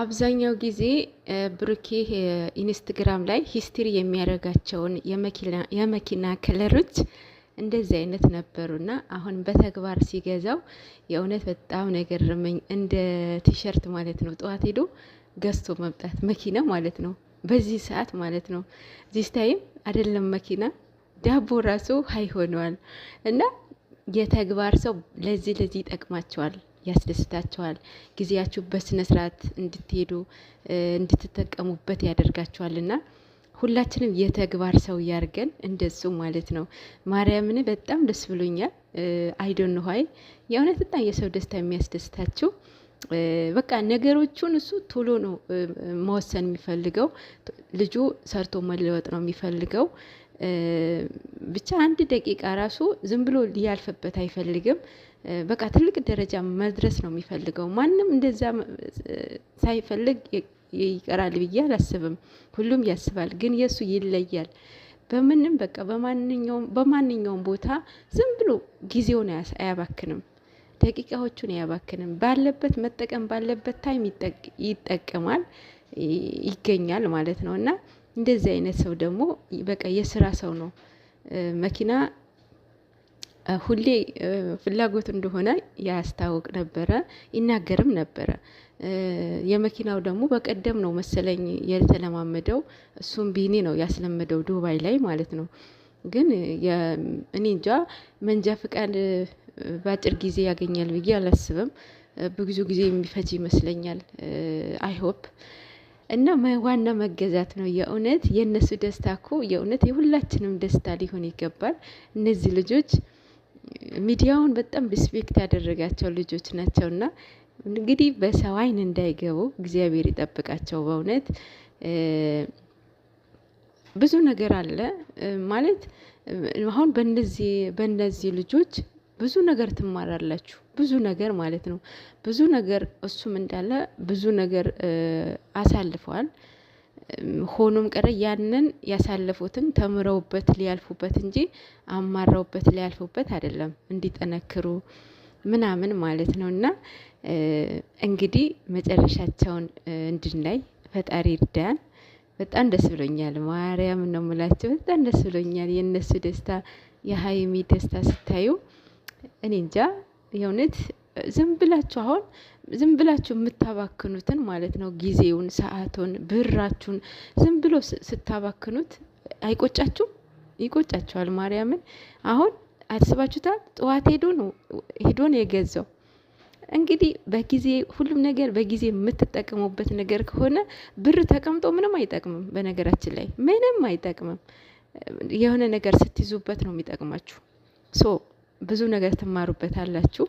አብዛኛው ጊዜ ብሩኬ ኢንስትግራም ላይ ሂስትሪ የሚያደርጋቸውን የመኪና ከለሮች እንደዚህ አይነት ነበሩ እና አሁን በተግባር ሲገዛው የእውነት በጣም ነገርመኝ እንደ ቲሸርት ማለት ነው። ጠዋት ሄዶ ገዝቶ መምጣት መኪና ማለት ነው። በዚህ ሰዓት ማለት ነው። ዚስ ታይም አይደለም መኪና ዳቦ ራሱ ሀይ ሆነዋል። እና የተግባር ሰው ለዚህ ለዚህ ይጠቅማቸዋል። ያስደስታቸዋል። ጊዜያችሁ በስነ ስርዓት እንድትሄዱ እንድትጠቀሙበት ያደርጋቸዋልና ሁላችንም የተግባር ሰው ያርገን እንደሱ ማለት ነው። ማርያምን በጣም ደስ ብሎኛል። አይዶን ሆይ የእውነት በጣም የሰው ደስታ የሚያስደስታችሁ በቃ ነገሮቹን እሱ ቶሎ ነው መወሰን የሚፈልገው። ልጁ ሰርቶ መለወጥ ነው የሚፈልገው። ብቻ አንድ ደቂቃ ራሱ ዝም ብሎ ሊያልፍበት አይፈልግም። በቃ ትልቅ ደረጃ መድረስ ነው የሚፈልገው። ማንም እንደዛ ሳይፈልግ ይቀራል ብዬ አላስብም። ሁሉም ያስባል፣ ግን የእሱ ይለያል። በምንም በቃ በማንኛውም ቦታ ዝም ብሎ ጊዜውን አያባክንም፣ ደቂቃዎቹን አያባክንም። ባለበት መጠቀም ባለበት ታይም ይጠቀማል፣ ይገኛል ማለት ነው እና እንደዚህ አይነት ሰው ደግሞ በቃ የስራ ሰው ነው። መኪና ሁሌ ፍላጎት እንደሆነ ያስታውቅ ነበረ፣ ይናገርም ነበረ። የመኪናው ደግሞ በቀደም ነው መሰለኝ የተለማመደው፣ እሱም ቢኒ ነው ያስለመደው ዱባይ ላይ ማለት ነው። ግን እኔ እንጃ መንጃ ፍቃድ በአጭር ጊዜ ያገኛል ብዬ አላስብም። ብዙ ጊዜ የሚፈጅ ይመስለኛል። አይሆፕ እና ዋና መገዛት ነው። የእውነት የእነሱ ደስታ እኮ የእውነት የሁላችንም ደስታ ሊሆን ይገባል። እነዚህ ልጆች ሚዲያውን በጣም ሪስፔክት ያደረጋቸው ልጆች ናቸውና እንግዲህ በሰው አይን እንዳይገቡ እግዚአብሔር ይጠብቃቸው። በእውነት ብዙ ነገር አለ ማለት አሁን በነዚህ በእነዚህ ልጆች ብዙ ነገር ትማራላችሁ። ብዙ ነገር ማለት ነው። ብዙ ነገር እሱም እንዳለ ብዙ ነገር አሳልፈዋል። ሆኖም ቀረ ያንን ያሳለፉትን ተምረውበት ሊያልፉበት እንጂ አማረውበት ሊያልፉበት አይደለም እንዲጠነክሩ ምናምን ማለት ነው። እና እንግዲህ መጨረሻቸውን እንድናይ ፈጣሪ እርዳን። በጣም ደስ ብሎኛል። ማርያም ነው የምላቸው። በጣም ደስ ብሎኛል። የእነሱ ደስታ፣ የሀይሚ ደስታ ስታዩ እኔ እንጃ የእውነት ዝም ብላችሁ አሁን ዝም ብላችሁ የምታባክኑትን ማለት ነው ጊዜውን፣ ሰዓቱን፣ ብራችሁን ዝም ብሎ ስታባክኑት አይቆጫችሁም? ይቆጫችኋል። ማርያምን አሁን አስባችሁታል? ጠዋት ሄዶ ነው ሄዶ ነው የገዛው። እንግዲህ በጊዜ ሁሉም ነገር በጊዜ የምትጠቀሙበት ነገር ከሆነ ብር ተቀምጦ ምንም አይጠቅምም። በነገራችን ላይ ምንም አይጠቅምም። የሆነ ነገር ስትይዙበት ነው የሚጠቅማችሁ ሶ ብዙ ነገር ትማሩበታላችሁ።